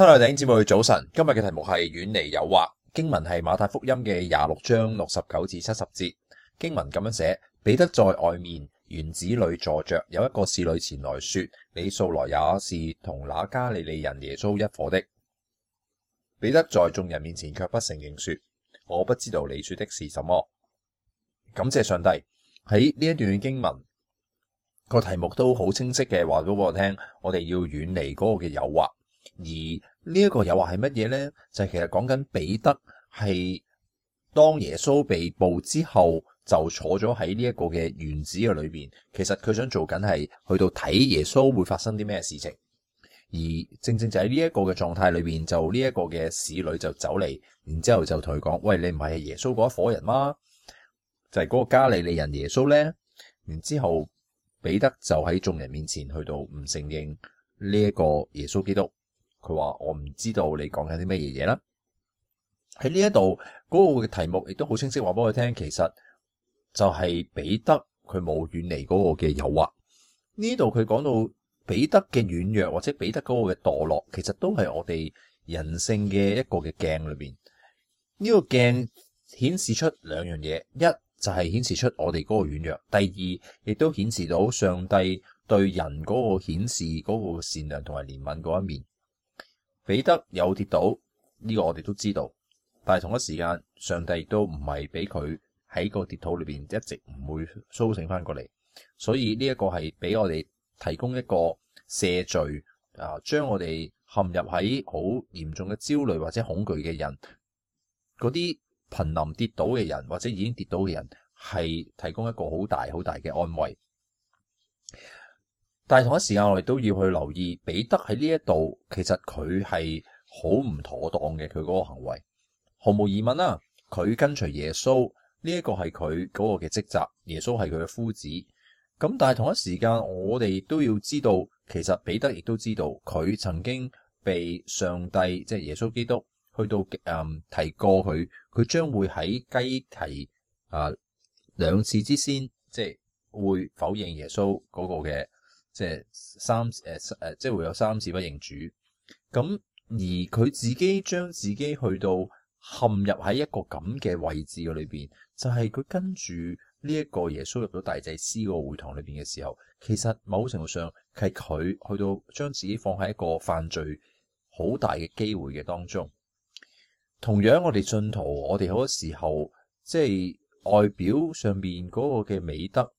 親愛弟兄姊妹，早晨！今日嘅題目係遠離誘惑，經文係馬太福音嘅廿六章六十九至七十節。經文咁樣寫：彼得在外面園子裏坐着，有一個侍女前來說：你素來也是同那加利利人耶穌一伙的。彼得在眾人面前卻不承認，說：我不知道你說的是什麼。感謝上帝。喺呢一段經文，個題目都好清晰嘅，話俾我聽，我哋要遠離嗰個嘅誘惑。而呢一個又話係乜嘢咧？就係、是、其實講緊彼得係當耶穌被捕之後，就坐咗喺呢一個嘅園子嘅裏邊。其實佢想做緊係去到睇耶穌會發生啲咩事情。而正正就喺呢一個嘅狀態裏邊，就呢一個嘅使女就走嚟，然之後就同佢講：喂，你唔係耶穌嗰一伙人嗎？就係、是、個加利利人耶穌咧。然之後彼得就喺眾人面前去到唔承認呢一個耶穌基督。佢話我唔知道，你講緊啲乜嘢嘢啦。喺呢一度嗰個嘅題目亦都好清晰，話俾我聽。其實就係彼得佢冇遠離嗰個嘅誘惑呢度。佢講到彼得嘅軟弱或者彼得嗰個嘅墮落，其實都係我哋人性嘅一個嘅鏡裏邊。呢個鏡顯示出兩樣嘢，一就係顯示出我哋嗰個軟弱，第二亦都顯示到上帝對人嗰個顯示嗰個善良同埋憐憫嗰一面。彼得有跌倒，呢個我哋都知道，但係同一時間，上帝亦都唔係俾佢喺個跌倒裏邊一直唔會蘇醒返過嚟，所以呢一個係俾我哋提供一個赦罪啊，將我哋陷入喺好嚴重嘅焦慮或者恐懼嘅人，嗰啲瀕臨跌倒嘅人或者已經跌倒嘅人，係提供一個好大好大嘅安慰。但係同一時間，我哋都要去留意彼得喺呢一度，其實佢係好唔妥當嘅，佢嗰個行為毫無疑問啦、啊。佢跟隨耶穌呢一、這個係佢嗰個嘅職責，耶穌係佢嘅夫子。咁但係同一時間，我哋都要知道，其實彼得亦都知道，佢曾經被上帝即係、就是、耶穌基督去到誒、嗯、提過佢，佢將會喺雞啼啊兩次之先，即、就、係、是、會否認耶穌嗰個嘅。即係三誒誒、呃，即係會有三次不認主。咁而佢自己將自己去到陷入喺一個咁嘅位置嘅裏邊，就係、是、佢跟住呢一個耶穌入到大祭司個會堂裏邊嘅時候，其實某程度上係佢去到將自己放喺一個犯罪好大嘅機會嘅當中。同樣，我哋信徒，我哋好多時候即係外表上面嗰個嘅美德。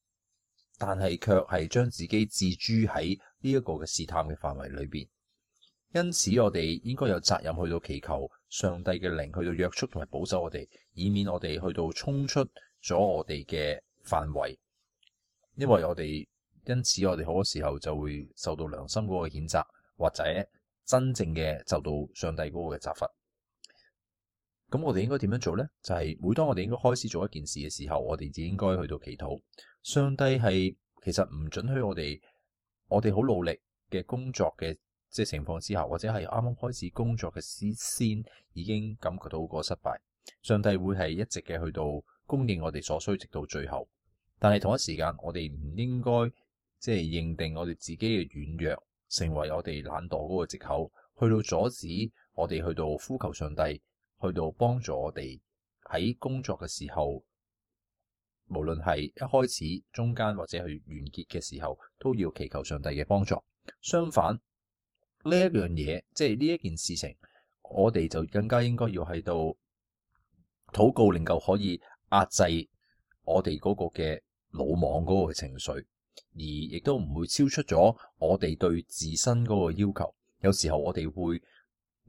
但係卻係將自己置諸喺呢一個嘅試探嘅範圍裏邊，因此我哋應該有責任去到祈求上帝嘅靈去到約束同埋保守我哋，以免我哋去到衝出咗我哋嘅範圍，因為我哋因此我哋好多時候就會受到良心嗰個譴責，或者真正嘅受到上帝嗰個嘅責罰。咁我哋應該點樣做呢？就係每當我哋應該開始做一件事嘅時候，我哋只應該去到祈禱。上帝係其實唔准許我哋，我哋好努力嘅工作嘅即係情況之下，或者係啱啱開始工作嘅先先已經感覺到個失敗。上帝會係一直嘅去到供應我哋所需，直到最後。但係同一時間，我哋唔應該即係認定我哋自己嘅軟弱成為我哋懶惰嗰個藉口，去到阻止我哋去到呼求上帝。去到幫助我哋喺工作嘅時候，無論係一開始、中間或者去完結嘅時候，都要祈求上帝嘅幫助。相反，呢一樣嘢即係呢一件事情，我哋就更加應該要喺度禱告，令夠可以壓制我哋嗰個嘅魯莽嗰個情緒，而亦都唔會超出咗我哋對自身嗰個要求。有時候我哋會，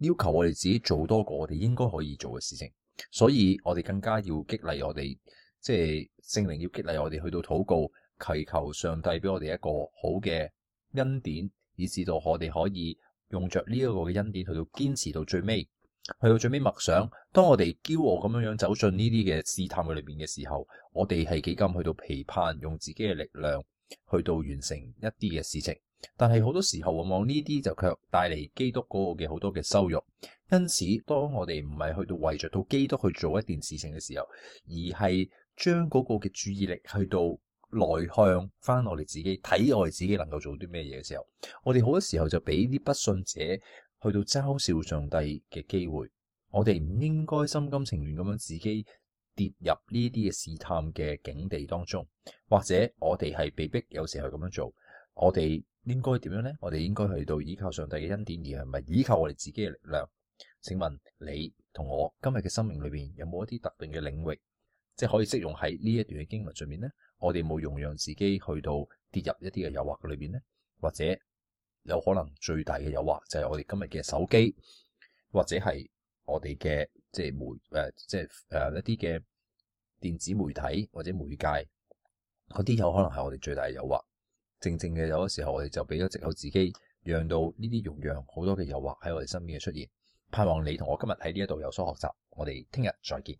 要求我哋自己做多過我哋應該可以做嘅事情，所以我哋更加要激勵我哋，即係聖靈要激勵我哋去到禱告，祈求上帝俾我哋一個好嘅恩典，以至到我哋可以用着呢一個嘅恩典去到堅持到最尾，去到最尾默想。當我哋驕傲咁樣樣走進呢啲嘅試探裏邊嘅時候，我哋係幾咁去到期盼用自己嘅力量去到完成一啲嘅事情。但係好多時候往往呢啲就卻帶嚟基督嗰個嘅好多嘅羞辱。因此，當我哋唔係去到為著到基督去做一件事情嘅時候，而係將嗰個嘅注意力去到內向翻，我哋自己睇我哋自己能夠做啲咩嘢？嘅時候，我哋好多時候就俾啲不信者去到嘲笑上帝嘅機會。我哋唔應該心甘情願咁樣自己跌入呢啲嘅試探嘅境地當中，或者我哋係被逼有時候咁樣做。我哋應該點樣咧？我哋應該去到依靠上帝嘅恩典，而唔係依靠我哋自己嘅力量。請問你同我今日嘅生命裏邊有冇一啲特定嘅領域，即係可以適用喺呢一段嘅經文上面咧？我哋冇容讓自己去到跌入一啲嘅誘惑裏邊咧，或者有可能最大嘅誘惑就係我哋今日嘅手機，或者係我哋嘅即係媒誒，即係誒、呃呃、一啲嘅電子媒體或者媒介嗰啲，有可能係我哋最大嘅誘惑。正正嘅有啲時候，我哋就俾咗藉口自己，讓到呢啲容讓好多嘅誘惑喺我哋身邊嘅出現。盼望你同我今日喺呢一度有所學習，我哋聽日再見。